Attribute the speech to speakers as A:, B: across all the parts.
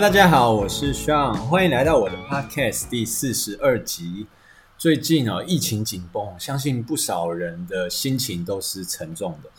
A: 大家好，我是 Sean。歡迎來到我的 podcast 第四十二集。最近、啊、疫情緊繃，相信不少人的心情都是沉重的。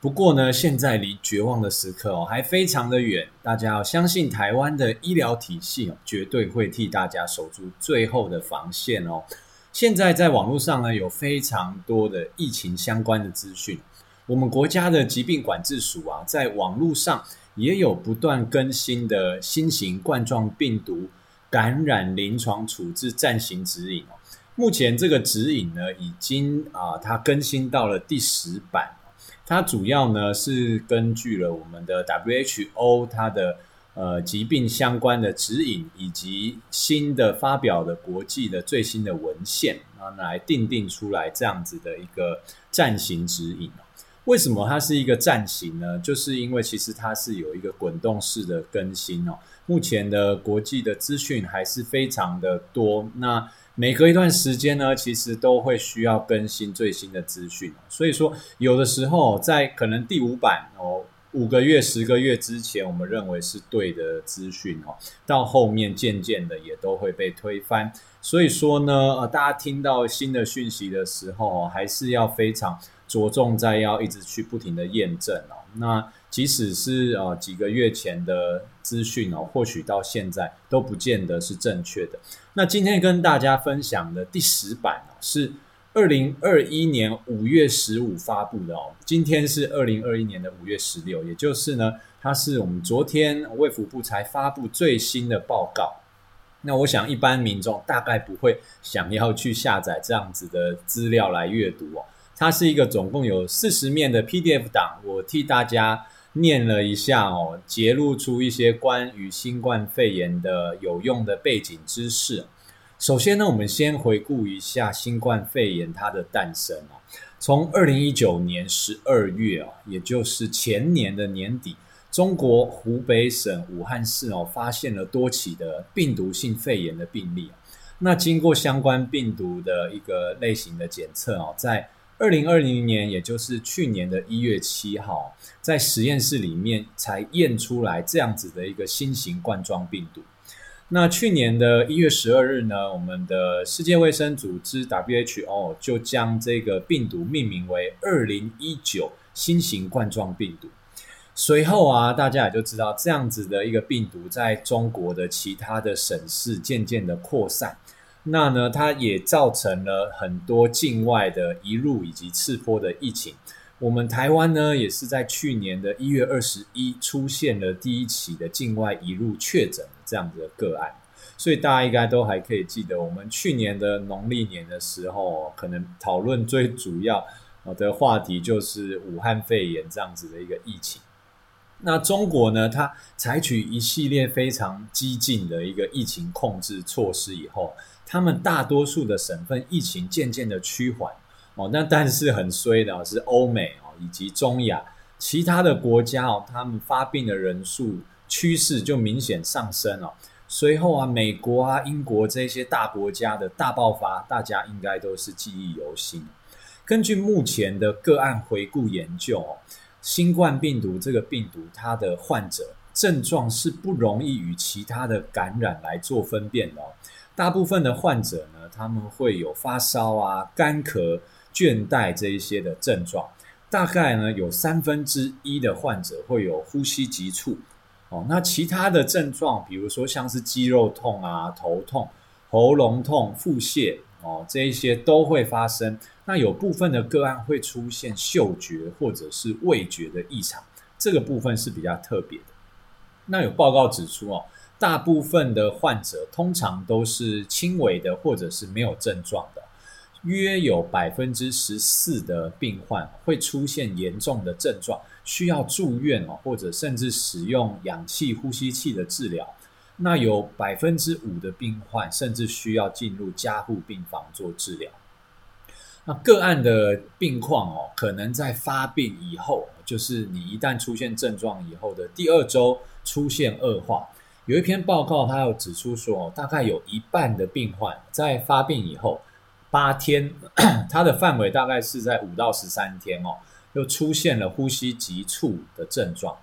A: 不過呢，現在離絕望的時刻哦、啊，還非常的遠。大家要、啊、相信台灣的醫療體系、啊、絕對會替大家守住最後的防線哦。現在在網絡上呢，有非常多的疫情相關的資訊。我們國家的疾病管制署啊，在網絡上，也有不斷更新的新型冠狀病毒感染臨床處置暫行指引哦。目前這個指引呢，已經啊，它更新到了第十版。它主要呢是根據了我們的 WHO 它的呃疾病相關的指引，以及新的發表的國際的最新的文獻啊，來訂定出來這樣子的一個暫行指引。為什麼它是一個暫行呢？就是因為其實它是有一個滾動式的更新哦。目前的國際的資訊還是非常的多，那每隔一段時間呢，其實都會需要更新最新的資訊。所以說，有的時候在可能第五版哦，五個月、十個月之前，我們認為是對的資訊哦，到後面漸漸的也都會被推翻。所以說呢，呃，大家聽到新的訊息的時候，還是要非常。着重在要一直去不停地驗證哦。那即使是呃、啊、幾個月前的資訊哦，或許到現在都不見得是正確的。那今天跟大家分享的第十版哦，是二零二一年五月十五發佈的哦。今天是二零二一年的五月十六，也就是呢，它是我們昨天衛福部才發佈最新的報告。那我想一般民眾大概不會想要去下載這樣子的資料來閱讀哦。它是一個總共有四十面的 PDF 檔，我替大家念了一下哦，節錄出一些關於新冠肺炎的有用的背景知識。首先呢，我們先回顧一下新冠肺炎它的誕生啊，從二零一九年十二月啊、哦，也就是前年的年底，中國湖北省武漢市哦，發現了多起的病毒性肺炎的病例。那經過相關病毒的一個類型的檢測哦，在二零二零年，也就是去年的一月七號，在實驗室裡面才驗出來這樣子的一個新型冠狀病毒。那去年的一月十二日呢，我們的世界衛生組織 WHO 就將這個病毒命名為“二零一九新型冠狀病毒”。隨後啊，大家也就知道，這樣子的一個病毒在中國的其他的省市漸漸的擴散。那呢，它也造成了很多境外的移入以及次波的疫情。我們台灣呢，也是在去年的一月二十一出現了第一起的境外移入確診這樣子的個案，所以大家應該都還可以記得，我們去年的農曆年的時候，可能討論最主要的話題就是武漢肺炎這樣子的一個疫情。那中國呢，它採取一系列非常激進的一個疫情控制措施以後。他們大多數的省份，疫情漸漸的趨緩，哦，那但是很衰的哦，是歐美哦，以及中亞其他的國家哦，他們發病的人數趨勢就明顯上升哦。隨後啊，美國啊、英國這些大國家的大爆發，大家應該都是記憶猶新。根據目前的個案回顧研究哦，新冠病毒這個病毒它的患者症狀是不容易與其他的感染來做分辨的哦。大部分的患者呢，他們會有發燒啊、乾咳、倦怠這一些的症狀。大概呢，有三分之一的患者會有呼吸急促。哦，那其他的症狀，比如說像是肌肉痛啊、頭痛、喉嚨痛、腹瀉哦，這一些都會發生。那有部分的個案會出現嗅覺或者是味覺的異常，這個部分是比較特別的。那有報告指出哦，大部分的患者通常都是輕微的或者是沒有症狀的，約有百分之十四的病患會出現嚴重的症狀，需要住院哦，或者甚至使用氧氣呼吸器的治療。那有百分之五的病患甚至需要進入加護病房做治療。那個案的病況哦，可能在發病以後，就是你一旦出現症狀以後的第二週出現惡化。有一篇報告，它有指出說，哦，大概有一半的病患在發病以後八天，它的範圍大概是在五到十三天哦，又出現了呼吸急促的症狀，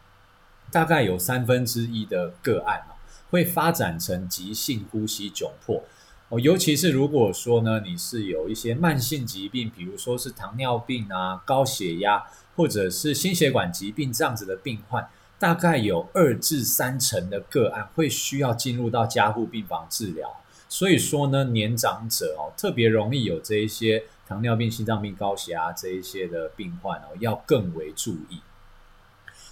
A: 大概有三分之一的個案啊會發展成急性呼吸窘迫哦，尤其是如果說呢你是有一些慢性疾病，比如說是糖尿病啊、高血壓或者是心血管疾病這樣子的病患。大概有二至三成的個案會需要進入到加護病房治療，所以說呢，年長者哦，特別容易有這一些糖尿病、心臟病、高血壓這一些的病患哦，要更為注意。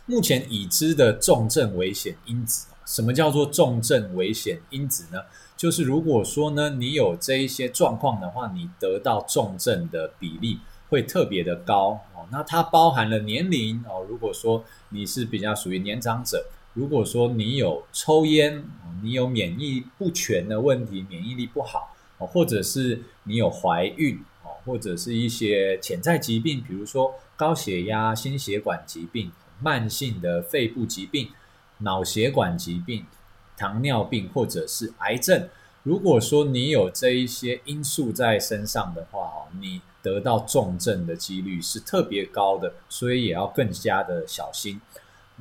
A: 目前已知的重症危險因子，什麼叫做重症危險因子呢？就是如果說呢，你有這一些狀況的話，你得到重症的比例。會特別的高哦，那它包含了年齡哦。如果說你是比較屬於年長者，如果說你有抽煙，你有免疫不全的問題，免疫力不好，或者是你有懷孕哦，或者是一些潛在疾病，比如說高血壓、心血管疾病、慢性的肺部疾病、腦血管疾病、糖尿病或者是癌症。如果說你有這一些因素在身上的話哦，你。得到重症的幾率是特別高的，所以也要更加的小心。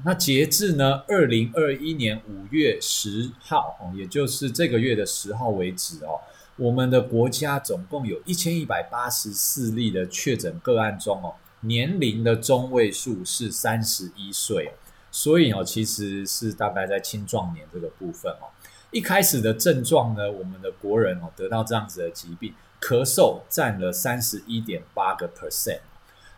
A: 那截至呢，二零二一年五月十號，也就是這個月的十號為止哦，我們的國家總共有一千一百八十四例的確診個案中哦，年齡的中位數是三十一歲，所以哦，其實是大概在青壯年這個部分哦。一開始的症狀呢，我們的國人哦，得到這樣子的疾病。咳嗽佔了三十一點八個 percent，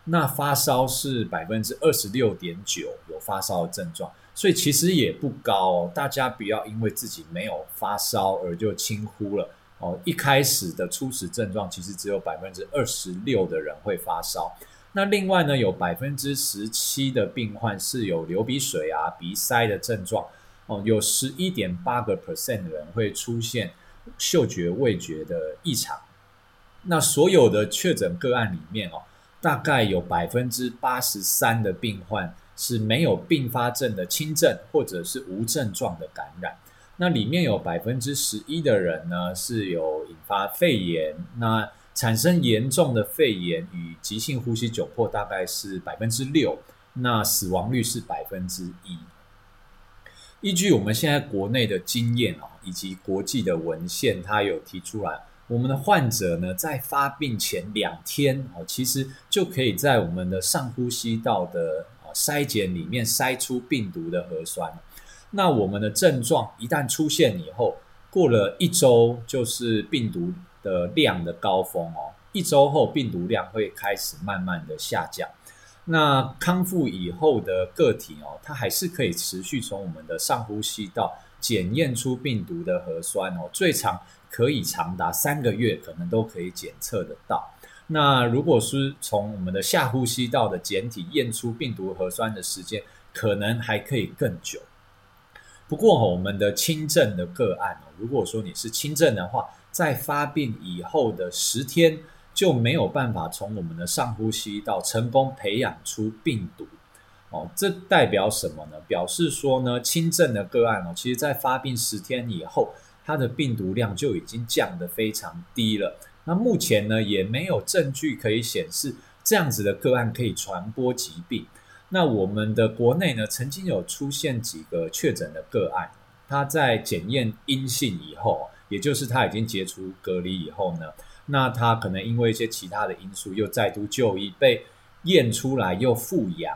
A: 那發燒是百分之二十六點九，有發燒的症狀，所以其實也不高哦，大家不要因為自己沒有發燒而就輕忽了哦。一開始的初始症狀其實只有百分之二十六的人會發燒，那另外呢，有百分之十七的病患，是有流鼻水啊、鼻塞的症狀哦，有十一點八個 percent 的人會出現嗅覺、味覺的異常。那所有的確診個案裡面哦，大概有百分之八十三的病患是沒有併發症的輕症，或者是無症狀的感染。那裡面有百分之十一的人呢，是有引發肺炎，那產生嚴重的肺炎與急性呼吸窘迫大概是百分之六，那死亡率是百分之一。依據我們現在國內的經驗哦，以及國際的文獻，它有提出來。我們的患者呢，在發病前兩天，其實就可以在我們的上呼吸道的啊篩檢裡面篩出病毒的核酸。那我們的症狀一旦出現以後，過了一周就是病毒的量的高峰哦，一周後病毒量會開始慢慢的下降。那康復以後的個體哦，它還是可以持續從我們的上呼吸道。檢驗出病毒的核酸哦，最長可以長達三個月，可能都可以檢測得到。那如果是從我們的下呼吸道的檢體驗出病毒核酸的時間，可能還可以更久。不過，我們的輕症的個案哦，如果說你是輕症的話，在發病以後的十天就沒有辦法從我們的上呼吸道成功培養出病毒。哦，這代表什麼呢？表示說呢，輕症的個案哦，其實在發病十天以後，它的病毒量就已經降得非常低了。那目前呢，也沒有證據可以顯示這樣子的個案可以傳播疾病。那我們的國內呢，曾經有出現幾個確診的個案，他在檢驗陰性以後，也就是他已經解除隔離以後呢，那他可能因為一些其他的因素，又再度就醫，被驗出來又復陽。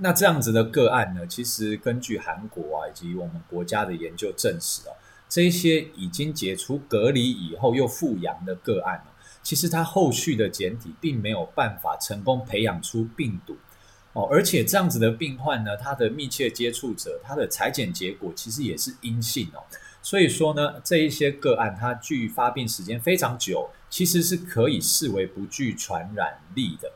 A: 那這樣子的個案呢，其實根據韓國啊以及我們國家的研究證實哦，這一些已經解除隔離以後又復陽的個案哦，其實它後續的檢體並沒有辦法成功培養出病毒哦，而且這樣子的病患呢，他的密切接觸者，他的採檢結果其實也是陰性哦，所以說呢，這一些個案它距發病時間非常久，其實是可以視為不具傳染力的。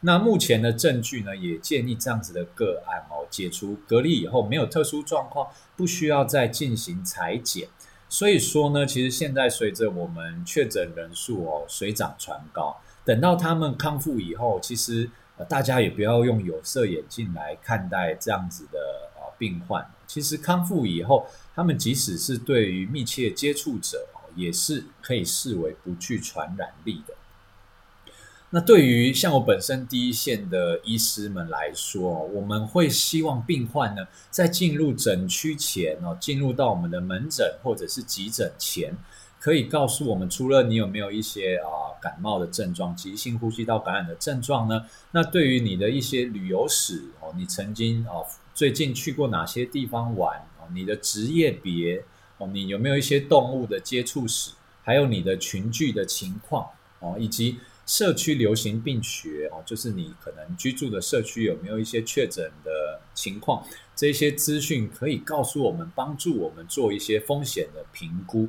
A: 那目前的證據呢，也建議這樣子的個案哦，解除隔離以後沒有特殊狀況，不需要再進行採檢。所以說呢，其實現在隨着我們確診人數哦，水漲船高，等到他們康復以後，其實大家也不要用有色眼鏡來看待這樣子的呃病患。其實康復以後，他們即使是對於密切接觸者哦，也是可以視為不具傳染力的。那對於像我本身第一線的醫師們來說，我們會希望病患呢，在進入診區前哦，進入到我們的門診或者是急診前，可以告訴我們，除了你有沒有一些啊感冒的症狀、急性呼吸道感染的症狀呢？那對於你的一些旅遊史哦，你曾經哦最近去過哪些地方玩哦？你的職業別哦，你有沒有一些動物的接觸史，還有你的群聚的情況哦，以及。社區流行病學哦，就是你可能居住的社區有沒有一些確診的情況，這些資訊可以告訴我們，幫助我們做一些風險的評估。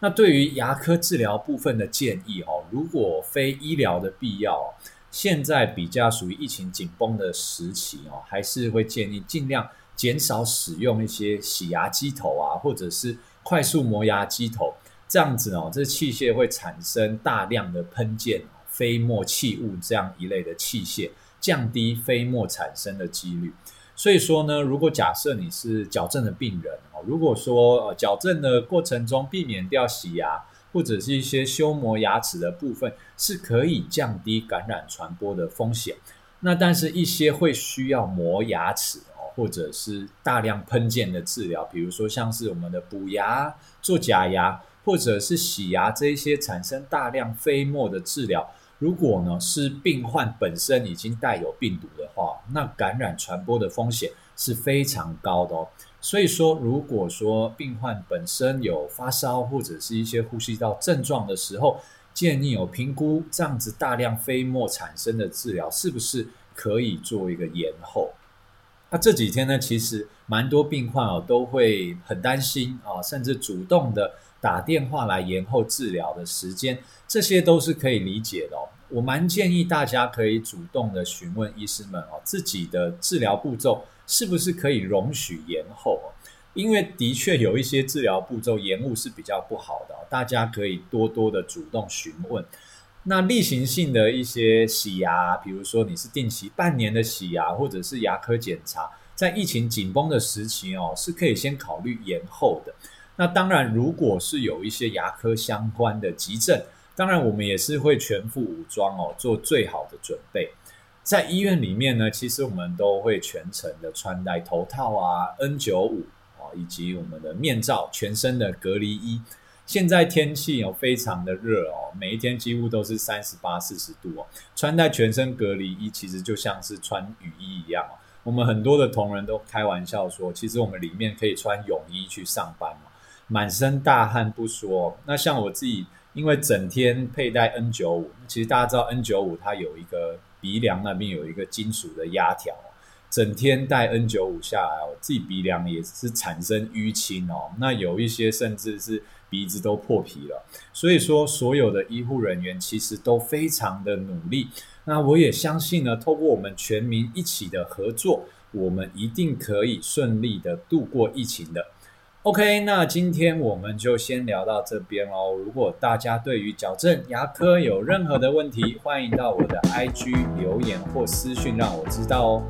A: 那對於牙科治療部分的建議哦，如果非醫療的必要，現在比較屬於疫情緊繃的時期哦，還是會建議儘量減少使用一些洗牙機頭啊，或者是快速磨牙機頭，這樣子哦，這器械會產生大量的噴濺。飛沫器物這樣一類的器械，降低飛沫產生的幾率。所以說呢，如果假設你是矯正的病人哦，如果說，呃，矯正的過程中避免掉洗牙或者是一些修磨牙齒的部分，是可以降低感染傳播的風險。那但是，一些會需要磨牙齒哦，或者是大量噴濺的治療，比如說像是我們的補牙、做假牙或者是洗牙這一些產生大量飛沫的治療。如果呢是病患本身已經帶有病毒的話，那感染傳播的風險是非常高的哦。所以說，如果說病患本身有發燒或者是一些呼吸道症狀的時候，建議有評估這樣子大量飛沫產生的治療是不是可以做一個延後。那這幾天呢，其實蠻多病患哦都會很擔心啊，甚至主動的。打電話來延後治療的時間，這些都是可以理解的哦。我蠻建議大家可以主動的詢問醫師們哦，自己的治療步驟是不是可以容許延後哦，因為的確有一些治療步驟延誤是比較不好的。大家可以多多的主動詢問。那例行性的一些洗牙，比如說你是定期半年的洗牙或者是牙科檢查，在疫情緊繃的時期哦，是可以先考慮延後的。那當然，如果是有一些牙科相關的急症，當然我們也是會全副武裝哦，做最好的準備。在醫院裡面呢，其實我們都會全程的穿戴頭套啊，N95 哦，以及我們的面罩，全身的隔離衣。現在天氣非常的熱哦，每一天幾乎都是三十八、四十度哦。穿戴全身隔離衣，其實就像是穿雨衣一樣。我們很多的同仁都開玩笑說，其實我們裡面可以穿泳衣去上班。滿身大汗不說，那像我自己，因為整天佩戴 N 九五，其實大家知道 N 九五它有一個鼻梁那邊有一個金屬的壓條，整天戴 N 九五下來，我自己鼻梁也是產生淤青哦。那有一些甚至是鼻子都破皮了。所以說，所有的醫護人員其實都非常的努力。那我也相信呢，透過我們全民一起的合作，我們一定可以順利的度過疫情的。OK，那今天我們就先聊到這邊嘍、哦。如果大家對於矯正牙科有任何的問題，歡迎到我的 IG 留言或私訊讓我知道哦。